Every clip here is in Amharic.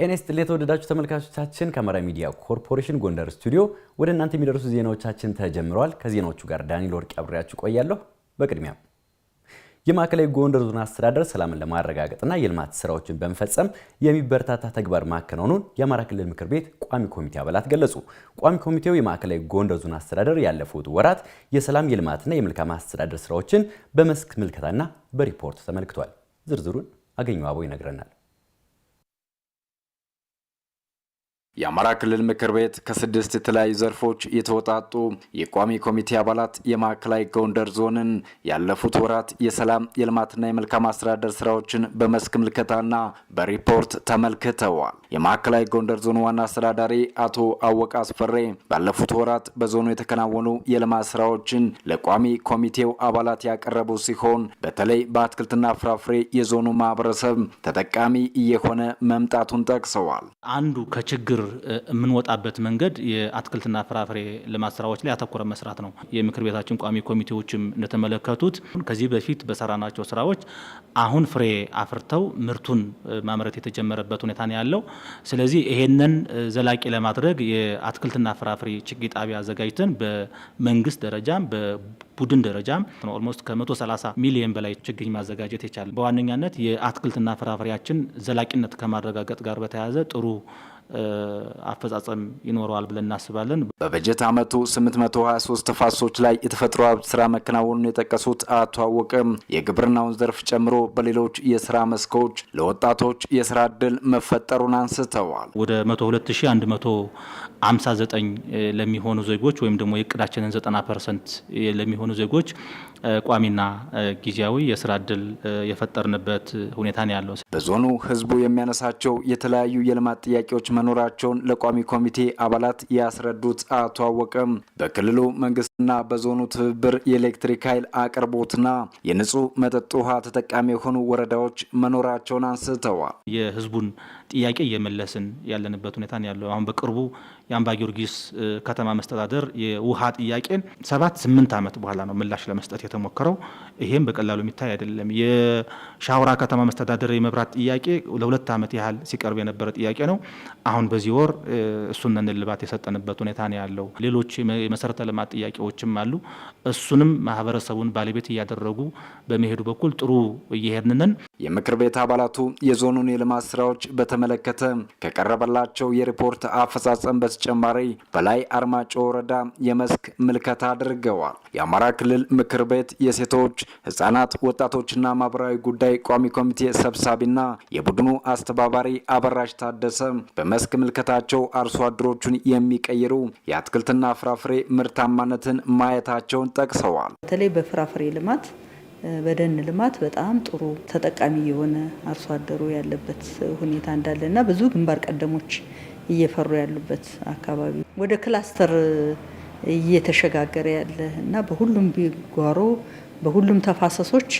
ጤና ይስጥልኝ የተወደዳችሁ ተመልካቾቻችን፣ ከአማራ ሚዲያ ኮርፖሬሽን ጎንደር ስቱዲዮ ወደ እናንተ የሚደርሱ ዜናዎቻችን ተጀምረዋል። ከዜናዎቹ ጋር ዳንኤል ወርቅ አብሬያችሁ ቆያለሁ። በቅድሚያ የማዕከላዊ ጎንደር ዞን አስተዳደር ሰላምን ለማረጋገጥና የልማት ስራዎችን በመፈጸም የሚበረታታ ተግባር ማከናወኑን የአማራ ክልል ምክር ቤት ቋሚ ኮሚቴ አባላት ገለጹ። ቋሚ ኮሚቴው የማዕከላዊ ጎንደር ዞን አስተዳደር ያለፉት ወራት የሰላም የልማትና የመልካም አስተዳደር ስራዎችን በመስክ ምልከታና በሪፖርት ተመልክቷል። ዝርዝሩን አገኘው አበው ይነግረናል። የአማራ ክልል ምክር ቤት ከስድስት የተለያዩ ዘርፎች የተወጣጡ የቋሚ ኮሚቴ አባላት የማዕከላዊ ጎንደር ዞንን ያለፉት ወራት የሰላም የልማትና የመልካም አስተዳደር ስራዎችን በመስክ ምልከታና በሪፖርት ተመልክተዋል። የማዕከላዊ ጎንደር ዞን ዋና አስተዳዳሪ አቶ አወቃ አስፈሬ ባለፉት ወራት በዞኑ የተከናወኑ የልማት ስራዎችን ለቋሚ ኮሚቴው አባላት ያቀረቡ ሲሆን በተለይ በአትክልትና ፍራፍሬ የዞኑ ማህበረሰብ ተጠቃሚ እየሆነ መምጣቱን ጠቅሰዋል። አንዱ ከችግር የምንወጣበት መንገድ የአትክልትና ፍራፍሬ ልማት ስራዎች ላይ ያተኮረ መስራት ነው። የምክር ቤታችን ቋሚ ኮሚቴዎችም እንደተመለከቱት ከዚህ በፊት በሰራናቸው ስራዎች አሁን ፍሬ አፍርተው ምርቱን ማምረት የተጀመረበት ሁኔታ ነው ያለው። ስለዚህ ይሄንን ዘላቂ ለማድረግ የአትክልትና ፍራፍሬ ችግኝ ጣቢያ አዘጋጅተን በመንግስት ደረጃም በቡድን ደረጃም ኦልሞስት ከ130 ሚሊዮን በላይ ችግኝ ማዘጋጀት ይቻላል። በዋነኛነት የአትክልትና ፍራፍሬያችን ዘላቂነት ከማረጋገጥ ጋር በተያያዘ ጥሩ አፈጻጸም ይኖረዋል ብለን እናስባለን። በበጀት ዓመቱ 823 ተፋሶች ላይ የተፈጥሮ ሀብት ስራ መከናወኑን የጠቀሱት አቶ የግብርናውን ዘርፍ ጨምሮ በሌሎች የስራ መስኮች ለወጣቶች የስራ እድል መፈጠሩን አንስተዋል። ወደ 102159 ለሚሆኑ ዜጎች ወይም ደግሞ የእቅዳችንን 90 ፐርሰንት ለሚሆኑ ዜጎች ቋሚና ጊዜያዊ የስራ እድል የፈጠርንበት ሁኔታ ነው ያለው። በዞኑ ህዝቡ የሚያነሳቸው የተለያዩ የልማት ጥያቄዎች መኖራቸውን ለቋሚ ኮሚቴ አባላት ያስረዱት አቶ አወቀም በክልሉ መንግስት እና በዞኑ ትብብር የኤሌክትሪክ ኃይል አቅርቦትና የንጹህ መጠጥ ውሃ ተጠቃሚ የሆኑ ወረዳዎች መኖራቸውን አንስተዋል። የህዝቡን ጥያቄ እየመለስን ያለንበት ሁኔታ ያለው አሁን በቅርቡ የአምባ ጊዮርጊስ ከተማ መስተዳደር የውሃ ጥያቄን ሰባት ስምንት ዓመት በኋላ ነው ምላሽ ለመስጠት የተሞከረው። ይሄም በቀላሉ የሚታይ አይደለም። የሻውራ ከተማ መስተዳደር የመብራት ጥያቄ ለሁለት ዓመት ያህል ሲቀርብ የነበረ ጥያቄ ነው። አሁን በዚህ ወር እሱን እልባት የሰጠንበት ሁኔታ ያለው። ሌሎች የመሰረተ ልማት ጥያቄ ሀሳቦችም አሉ። እሱንም ማህበረሰቡን ባለቤት እያደረጉ በመሄዱ በኩል ጥሩ እየሄድን የምክር ቤት አባላቱ የዞኑን የልማት ስራዎች በተመለከተ ከቀረበላቸው የሪፖርት አፈጻጸም በተጨማሪ በላይ አርማጮ ወረዳ የመስክ ምልከታ አድርገዋል። የአማራ ክልል ምክር ቤት የሴቶች ህጻናት፣ ወጣቶችና ማህበራዊ ጉዳይ ቋሚ ኮሚቴ ሰብሳቢና የቡድኑ አስተባባሪ አበራሽ ታደሰ በመስክ ምልከታቸው አርሶ አደሮቹን የሚቀይሩ የአትክልትና ፍራፍሬ ምርታማነትን ማየታቸውን ጠቅሰዋል። በተለይ በፍራፍሬ ልማት በደን ልማት በጣም ጥሩ ተጠቃሚ የሆነ አርሶ አደሩ ያለበት ሁኔታ እንዳለ እና ብዙ ግንባር ቀደሞች እየፈሩ ያሉበት አካባቢ ወደ ክላስተር እየተሸጋገረ ያለ እና በሁሉም ቢጓሮ በሁሉም ተፋሰሶች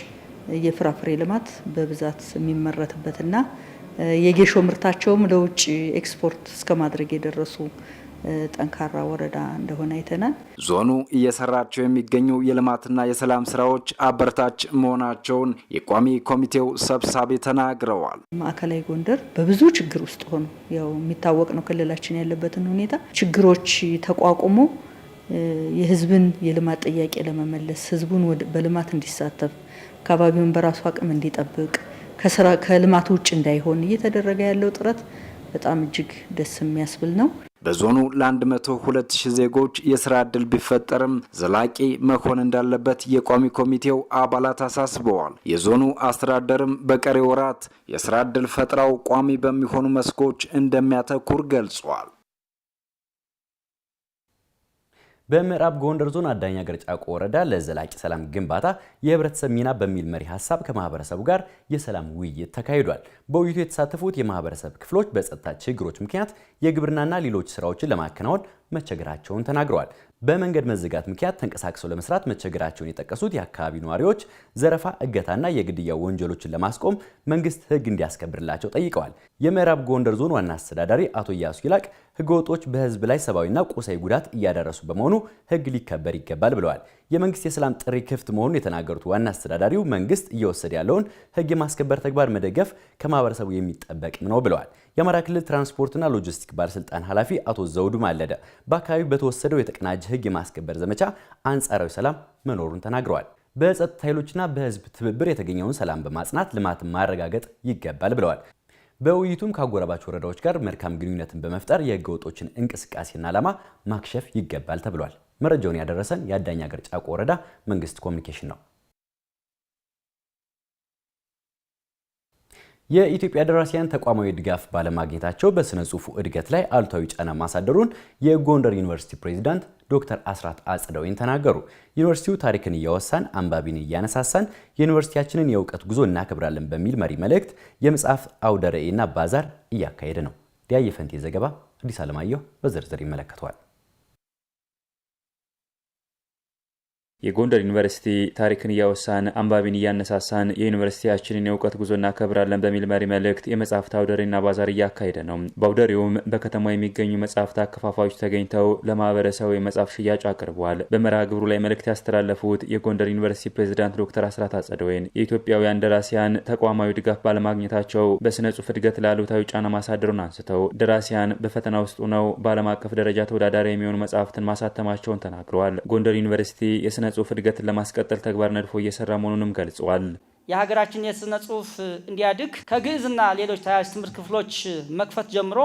የፍራፍሬ ልማት በብዛት የሚመረትበትና የጌሾ ምርታቸውም ለውጭ ኤክስፖርት እስከ ማድረግ የደረሱ ጠንካራ ወረዳ እንደሆነ አይተናል። ዞኑ እየሰራቸው የሚገኙ የልማትና የሰላም ስራዎች አበረታች መሆናቸውን የቋሚ ኮሚቴው ሰብሳቢ ተናግረዋል። ማዕከላዊ ጎንደር በብዙ ችግር ውስጥ ሆኖ ያው የሚታወቅ ነው ክልላችን ያለበትን ሁኔታ ችግሮች ተቋቁሞ የህዝብን የልማት ጥያቄ ለመመለስ ህዝቡን በልማት እንዲሳተፍ አካባቢውን በራሱ አቅም እንዲጠብቅ ከልማት ውጭ እንዳይሆን እየተደረገ ያለው ጥረት በጣም እጅግ ደስ የሚያስብል ነው። በዞኑ ለ102 ዜጎች የስራ ዕድል ቢፈጠርም ዘላቂ መሆን እንዳለበት የቋሚ ኮሚቴው አባላት አሳስበዋል። የዞኑ አስተዳደርም በቀሪ ወራት የስራ ዕድል ፈጥራው ቋሚ በሚሆኑ መስኮች እንደሚያተኩር ገልጿል። በምዕራብ ጎንደር ዞን አዳኝ አገር ጫቆ ወረዳ ለዘላቂ ሰላም ግንባታ የህብረተሰብ ሚና በሚል መሪ ሀሳብ ከማህበረሰቡ ጋር የሰላም ውይይት ተካሂዷል። በውይይቱ የተሳተፉት የማህበረሰብ ክፍሎች በጸጥታ ችግሮች ምክንያት የግብርናና ሌሎች ስራዎችን ለማከናወን መቸገራቸውን ተናግረዋል። በመንገድ መዘጋት ምክንያት ተንቀሳቅሰው ለመስራት መቸገራቸውን የጠቀሱት የአካባቢ ነዋሪዎች ዘረፋ፣ እገታና የግድያ ወንጀሎችን ለማስቆም መንግስት ህግ እንዲያስከብርላቸው ጠይቀዋል። የምዕራብ ጎንደር ዞን ዋና አስተዳዳሪ አቶ እያሱ ይላቅ ህገወጦች በህዝብ ላይ ሰብአዊና ቁሳዊ ጉዳት እያደረሱ በመሆኑ ህግ ሊከበር ይገባል ብለዋል። የመንግስት የሰላም ጥሪ ክፍት መሆኑን የተናገሩት ዋና አስተዳዳሪው መንግስት እየወሰደ ያለውን ህግ የማስከበር ተግባር መደገፍ ከማህበረሰቡ የሚጠበቅ ነው ብለዋል። የአማራ ክልል ትራንስፖርትና ሎጂስቲክ ባለስልጣን ኃላፊ አቶ ዘውዱ ማለደ በአካባቢው በተወሰደው የተቀናጀ ህግ የማስከበር ዘመቻ አንጻራዊ ሰላም መኖሩን ተናግረዋል። በጸጥታ ኃይሎችና በህዝብ ትብብር የተገኘውን ሰላም በማጽናት ልማትን ማረጋገጥ ይገባል ብለዋል። በውይይቱም ከአጎራባች ወረዳዎች ጋር መልካም ግንኙነትን በመፍጠር የህገ ወጦችን እንቅስቃሴና ዓላማ ማክሸፍ ይገባል ተብሏል። መረጃውን ያደረሰን የአዳኝ ሀገር ጫቆ ወረዳ መንግስት ኮሚኒኬሽን ነው። የኢትዮጵያ ደራሲያን ተቋማዊ ድጋፍ ባለማግኘታቸው በስነ ጽሁፉ እድገት ላይ አሉታዊ ጫና ማሳደሩን የጎንደር ዩኒቨርሲቲ ፕሬዚዳንት ዶክተር አስራት አጽደወይን ተናገሩ። ዩኒቨርሲቲው ታሪክን እያወሳን አንባቢን እያነሳሳን የዩኒቨርሲቲያችንን የእውቀት ጉዞ እናከብራለን በሚል መሪ መልእክት የመጽሐፍ አውደ ርዕይና ባዛር እያካሄደ ነው። ዲያየፈንቴ ዘገባ አዲስ አለማየሁ በዝርዝር ይመለከተዋል። የጎንደር ዩኒቨርሲቲ ታሪክን እያወሳን አንባቢን እያነሳሳን የዩኒቨርሲቲያችንን የእውቀት ጉዞ እናከብራለን በሚል መሪ መልእክት የመጽሐፍት አውደሬና ባዛር እያካሄደ ነው። በአውደሬውም በከተማ የሚገኙ መጽሐፍት አከፋፋዮች ተገኝተው ለማህበረሰቡ የመጽሐፍ ሽያጭ አቅርበዋል። በመርሃ ግብሩ ላይ መልእክት ያስተላለፉት የጎንደር ዩኒቨርሲቲ ፕሬዚዳንት ዶክተር አስራት አጸደወይን የኢትዮጵያውያን ደራሲያን ተቋማዊ ድጋፍ ባለማግኘታቸው በስነ ጽሁፍ እድገት ላሉታዊ ጫና ማሳደሩን አንስተው ደራሲያን በፈተና ውስጥ ነው በዓለም አቀፍ ደረጃ ተወዳዳሪ የሚሆኑ መጽሐፍትን ማሳተማቸውን ተናግረዋል። ጎንደር ዩኒቨርሲቲ የስነ የስነ ጽሁፍ እድገትን ለማስቀጠል ተግባር ነድፎ እየሰራ መሆኑንም ገልጸዋል። የሀገራችን የስነ ጽሁፍ እንዲያድግ ከግዕዝና ሌሎች ተያያዥ ትምህርት ክፍሎች መክፈት ጀምሮ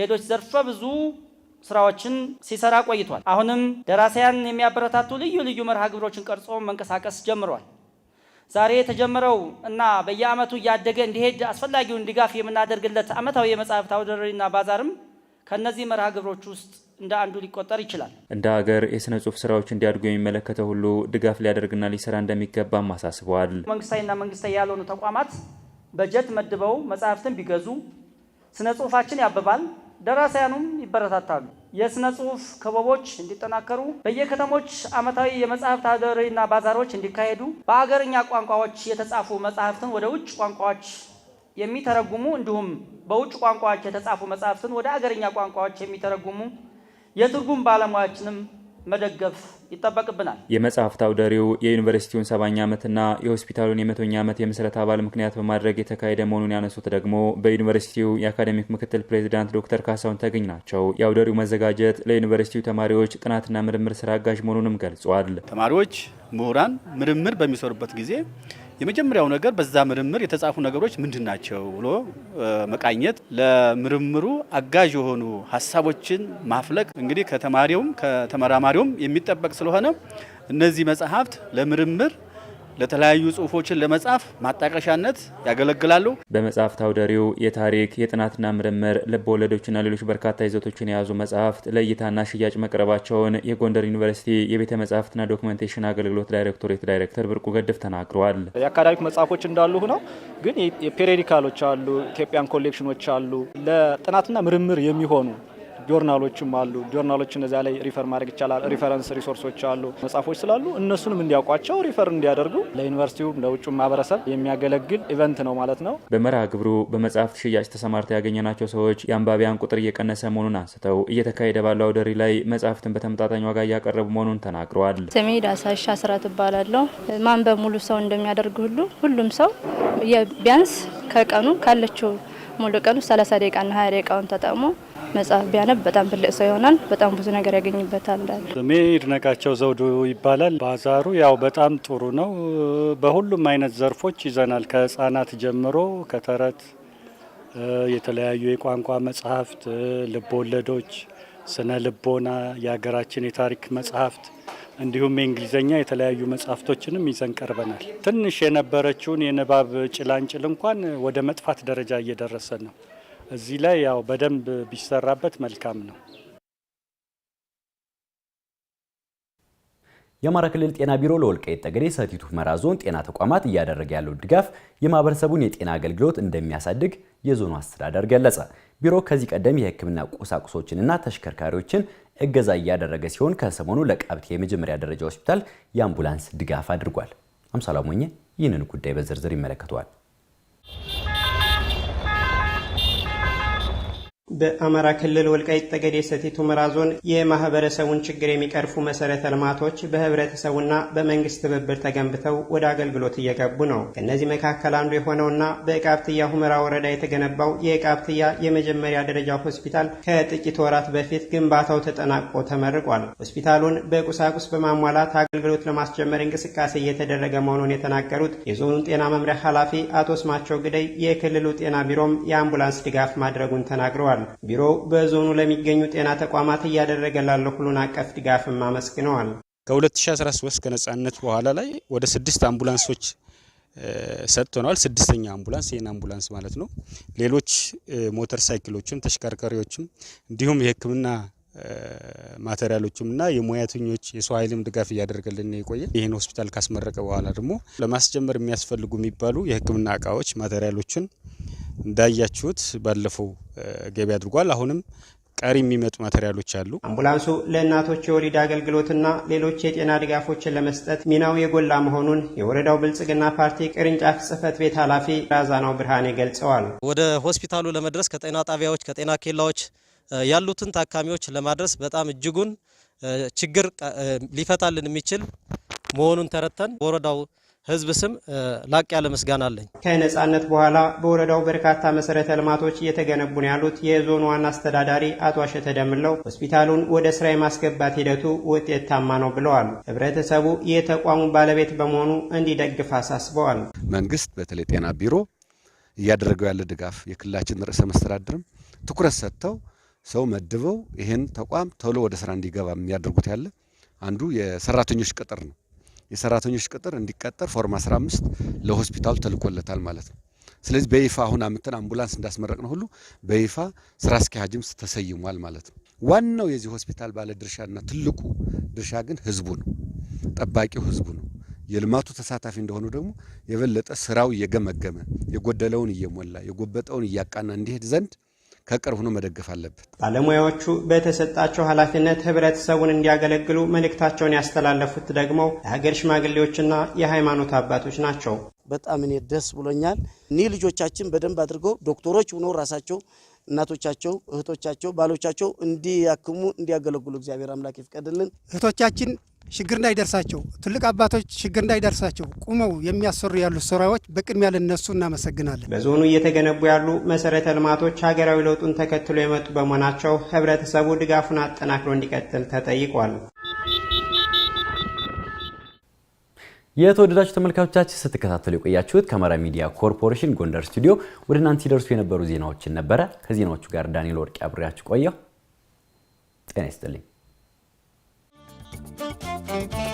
ሌሎች ዘርፈ ብዙ ስራዎችን ሲሰራ ቆይቷል። አሁንም ደራሲያን የሚያበረታቱ ልዩ ልዩ መርሃ ግብሮችን ቀርጾ መንቀሳቀስ ጀምሯል። ዛሬ የተጀመረው እና በየአመቱ እያደገ እንዲሄድ አስፈላጊውን ድጋፍ የምናደርግለት አመታዊ የመጽሐፍት አውደ ርዕይና ባዛርም ከእነዚህ መርሃ ግብሮች ውስጥ እንደ አንዱ ሊቆጠር ይችላል። እንደ ሀገር የስነ ጽሁፍ ስራዎች እንዲያድጉ የሚመለከተው ሁሉ ድጋፍ ሊያደርግና ሊሰራ እንደሚገባም አሳስበዋል። መንግስታዊና መንግስታዊ ያልሆኑ ተቋማት በጀት መድበው መጽሐፍትን ቢገዙ ስነ ጽሁፋችን ያብባል፣ ደራሲያኑም ይበረታታሉ። የስነ ጽሁፍ ክበቦች እንዲጠናከሩ በየከተሞች አመታዊ የመጽሐፍት አደሬና ባዛሮች እንዲካሄዱ በአገርኛ ቋንቋዎች የተጻፉ መጽሐፍትን ወደ ውጭ ቋንቋዎች የሚተረጉሙ እንዲሁም በውጭ ቋንቋዎች የተጻፉ መጽሐፍትን ወደ አገርኛ ቋንቋዎች የሚተረጉሙ የትርጉም ባለሙያችንም መደገፍ ይጠበቅብናል። የመጽሐፍት አውደ ርዕዩ የዩኒቨርሲቲውን ሰባኛ ዓመትና የሆስፒታሉን የመቶኛ ዓመት የምስረታ አባል ምክንያት በማድረግ የተካሄደ መሆኑን ያነሱት ደግሞ በዩኒቨርሲቲው የአካዴሚክ ምክትል ፕሬዚዳንት ዶክተር ካሳሁን ተገኝ ናቸው። የአውደ ርዕዩ መዘጋጀት ለዩኒቨርሲቲው ተማሪዎች ጥናትና ምርምር ስራ አጋዥ መሆኑንም ገልጿል። ተማሪዎች፣ ምሁራን ምርምር በሚሰሩበት ጊዜ የመጀመሪያው ነገር በዛ ምርምር የተጻፉ ነገሮች ምንድን ናቸው ብሎ መቃኘት፣ ለምርምሩ አጋዥ የሆኑ ሀሳቦችን ማፍለቅ እንግዲህ ከተማሪውም ከተመራማሪውም የሚጠበቅ ስለሆነ እነዚህ መጽሐፍት ለምርምር ለተለያዩ ጽሁፎችን ለመጻፍ ማጣቀሻነት ያገለግላሉ። በመጽሐፍት አውደሪው የታሪክ የጥናትና ምርምር ልብ ወለዶችና ሌሎች በርካታ ይዘቶችን የያዙ መጽሐፍት ለእይታና ሽያጭ መቅረባቸውን የጎንደር ዩኒቨርሲቲ የቤተ መጽሐፍትና ዶክመንቴሽን አገልግሎት ዳይሬክቶሬት ዳይሬክተር ብርቁ ገድፍ ተናግረዋል። የአካዳሚክ መጽሐፎች እንዳሉ ሆነው ግን የፔሬዲካሎች አሉ፣ ኢትዮጵያን ኮሌክሽኖች አሉ፣ ለጥናትና ምርምር የሚሆኑ ጆርናሎችም አሉ። ጆርናሎች እነዚያ ላይ ሪፈር ማድረግ ይቻላል። ሪፈረንስ ሪሶርሶች አሉ፣ መጽሐፎች ስላሉ እነሱንም እንዲያውቋቸው ሪፈር እንዲያደርጉ ለዩኒቨርሲቲውም ለውጭ ማህበረሰብ የሚያገለግል ኢቨንት ነው ማለት ነው። በመርሃ ግብሩ በመጽሐፍት ሽያጭ ተሰማርተው ያገኘናቸው ሰዎች የአንባቢያን ቁጥር እየቀነሰ መሆኑን አንስተው እየተካሄደ ባለው አውደሪ ላይ መጽሐፍትን በተመጣጣኝ ዋጋ እያቀረቡ መሆኑን ተናግረዋል። ስሜ ዳሳሽ አስራት እባላለሁ። ማንበብ ሙሉ ሰው እንደሚያደርግ ሁሉ ሁሉም ሰው ቢያንስ ከቀኑ ካለችው ሙሉ ቀኑ 30 ደቂቃና 20 ደቂቃውን ተጠቅሞ መጽሐፍ ቢያነብ በጣም ትልቅ ሰው ይሆናል። በጣም ብዙ ነገር ያገኝበታል። ስሜ ይድነቃቸው ዘውዱ ይባላል። ባዛሩ ያው በጣም ጥሩ ነው። በሁሉም አይነት ዘርፎች ይዘናል። ከህጻናት ጀምሮ ከተረት የተለያዩ የቋንቋ መጽሐፍት፣ ወለዶች፣ ስነ ልቦና፣ የሀገራችን የታሪክ መጽሐፍት እንዲሁም የእንግሊዝኛ የተለያዩ መጽሐፍቶችንም ይዘን ቀርበናል። ትንሽ የነበረችውን የንባብ ጭላንጭል እንኳን ወደ መጥፋት ደረጃ እየደረሰ ነው። እዚህ ላይ ያው በደንብ ቢሰራበት መልካም ነው። የአማራ ክልል ጤና ቢሮ ለወልቃይት ጠገዴ ሰቲት ሁመራ ዞን ጤና ተቋማት እያደረገ ያለው ድጋፍ የማህበረሰቡን የጤና አገልግሎት እንደሚያሳድግ የዞኑ አስተዳደር ገለጸ። ቢሮ ከዚህ ቀደም የሕክምና ቁሳቁሶችንና ተሽከርካሪዎችን እገዛ እያደረገ ሲሆን ከሰሞኑ ለቀብቴ የመጀመሪያ ደረጃ ሆስፒታል የአምቡላንስ ድጋፍ አድርጓል። አምሳላ ሞኘ ይህንን ጉዳይ በዝርዝር ይመለከተዋል። በአማራ ክልል ወልቃይት ጠገዴ ሰቲት ሁመራ ዞን የማህበረሰቡን ችግር የሚቀርፉ መሰረተ ልማቶች በህብረተሰቡና በመንግስት ትብብር ተገንብተው ወደ አገልግሎት እየገቡ ነው። ከእነዚህ መካከል አንዱ የሆነውና በቃብትያ ሁመራ ወረዳ የተገነባው የቃብትያ የመጀመሪያ ደረጃ ሆስፒታል ከጥቂት ወራት በፊት ግንባታው ተጠናቆ ተመርቋል። ሆስፒታሉን በቁሳቁስ በማሟላት አገልግሎት ለማስጀመር እንቅስቃሴ እየተደረገ መሆኑን የተናገሩት የዞኑን ጤና መምሪያ ኃላፊ አቶ ስማቸው ግደይ የክልሉ ጤና ቢሮም የአምቡላንስ ድጋፍ ማድረጉን ተናግረዋል። ቢሮው በዞኑ ለሚገኙ ጤና ተቋማት እያደረገ ላለ ሁሉን አቀፍ ድጋፍም አመስግነዋል። ከ2013 ከነጻነት በኋላ ላይ ወደ ስድስት አምቡላንሶች ሰጥቶናል። ስድስተኛ አምቡላንስ ይህን አምቡላንስ ማለት ነው። ሌሎች ሞተር ሳይክሎችም ተሽከርካሪዎችም እንዲሁም የሕክምና ማቴሪያሎችም እና የሙያተኞች የሰው ኃይልም ድጋፍ እያደረገልን የቆየ ይህን ሆስፒታል ካስመረቀ በኋላ ደግሞ ለማስጀመር የሚያስፈልጉ የሚባሉ የሕክምና እቃዎች ማቴሪያሎችን እንዳያችሁት ባለፈው ገቢ አድርጓል። አሁንም ቀሪ የሚመጡ ማቴሪያሎች አሉ። አምቡላንሱ ለእናቶች የወሊድ አገልግሎትና ሌሎች የጤና ድጋፎችን ለመስጠት ሚናው የጎላ መሆኑን የወረዳው ብልጽግና ፓርቲ ቅርንጫፍ ጽህፈት ቤት ኃላፊ ራዛናው ብርሃኔ ገልጸዋል። ወደ ሆስፒታሉ ለመድረስ ከጤና ጣቢያዎች፣ ከጤና ኬላዎች ያሉትን ታካሚዎች ለማድረስ በጣም እጅጉን ችግር ሊፈታልን የሚችል መሆኑን ተረተን ወረዳው ህዝብ ስም ላቅ ያለ ምስጋና አለኝ። ከነጻነት በኋላ በወረዳው በርካታ መሰረተ ልማቶች እየተገነቡ ነው ያሉት የዞኑ ዋና አስተዳዳሪ አቶ አሸተ ደምለው ሆስፒታሉን ወደ ስራ የማስገባት ሂደቱ ውጤታማ ነው ብለዋል። ህብረተሰቡ የተቋሙ ባለቤት በመሆኑ እንዲደግፍ አሳስበዋል። መንግስት በተለይ ጤና ቢሮ እያደረገው ያለ ድጋፍ የክልላችን ርዕሰ መስተዳድርም ትኩረት ሰጥተው ሰው መድበው ይህን ተቋም ቶሎ ወደ ስራ እንዲገባ የሚያደርጉት ያለ አንዱ የሰራተኞች ቅጥር ነው። የሰራተኞች ቅጥር እንዲቀጠር ፎርም 15 ለሆስፒታሉ ተልኮለታል ማለት ነው። ስለዚህ በይፋ አሁን አምተን አምቡላንስ እንዳስመረቅነው ሁሉ በይፋ ስራ አስኪያጅም ተሰይሟል ማለት ነው። ዋናው የዚህ ሆስፒታል ባለ ድርሻና ትልቁ ድርሻ ግን ህዝቡ ነው፣ ጠባቂው ህዝቡ ነው። የልማቱ ተሳታፊ እንደሆኑ ደግሞ የበለጠ ስራው እየገመገመ የጎደለውን እየሞላ የጎበጠውን እያቃና እንዲሄድ ዘንድ ከቅርብ ሆኖ መደገፍ አለበት። ባለሙያዎቹ በተሰጣቸው ኃላፊነት ህብረተሰቡን እንዲያገለግሉ መልእክታቸውን ያስተላለፉት ደግሞ የሀገር ሽማግሌዎችና የሃይማኖት አባቶች ናቸው። በጣም እኔ ደስ ብሎኛል። እኒህ ልጆቻችን በደንብ አድርገው ዶክተሮች ሆኖ ራሳቸው እናቶቻቸው፣ እህቶቻቸው፣ ባሎቻቸው እንዲያክሙ እንዲያገለግሉ እግዚአብሔር አምላክ ይፍቀድልን። እህቶቻችን ችግር እንዳይደርሳቸው ትልቅ አባቶች ችግር እንዳይደርሳቸው ቁመው የሚያሰሩ ያሉ ስራዎች በቅድሚያ ልነሱ እናመሰግናለን። በዞኑ እየተገነቡ ያሉ መሰረተ ልማቶች ሀገራዊ ለውጡን ተከትሎ የመጡ በመሆናቸው ህብረተሰቡ ድጋፉን አጠናክሮ እንዲቀጥል ተጠይቋል። የተወደዳችሁ ተመልካቾቻችን ስትከታተሉ የቆያችሁት ከአማራ ሚዲያ ኮርፖሬሽን ጎንደር ስቱዲዮ ወደ እናንተ ሲደርሱ የነበሩ ዜናዎችን ነበረ። ከዜናዎቹ ጋር ዳንኤል ወርቅ አብሬያችሁ ቆየሁ። ጤና ይስጥልኝ። Thank you.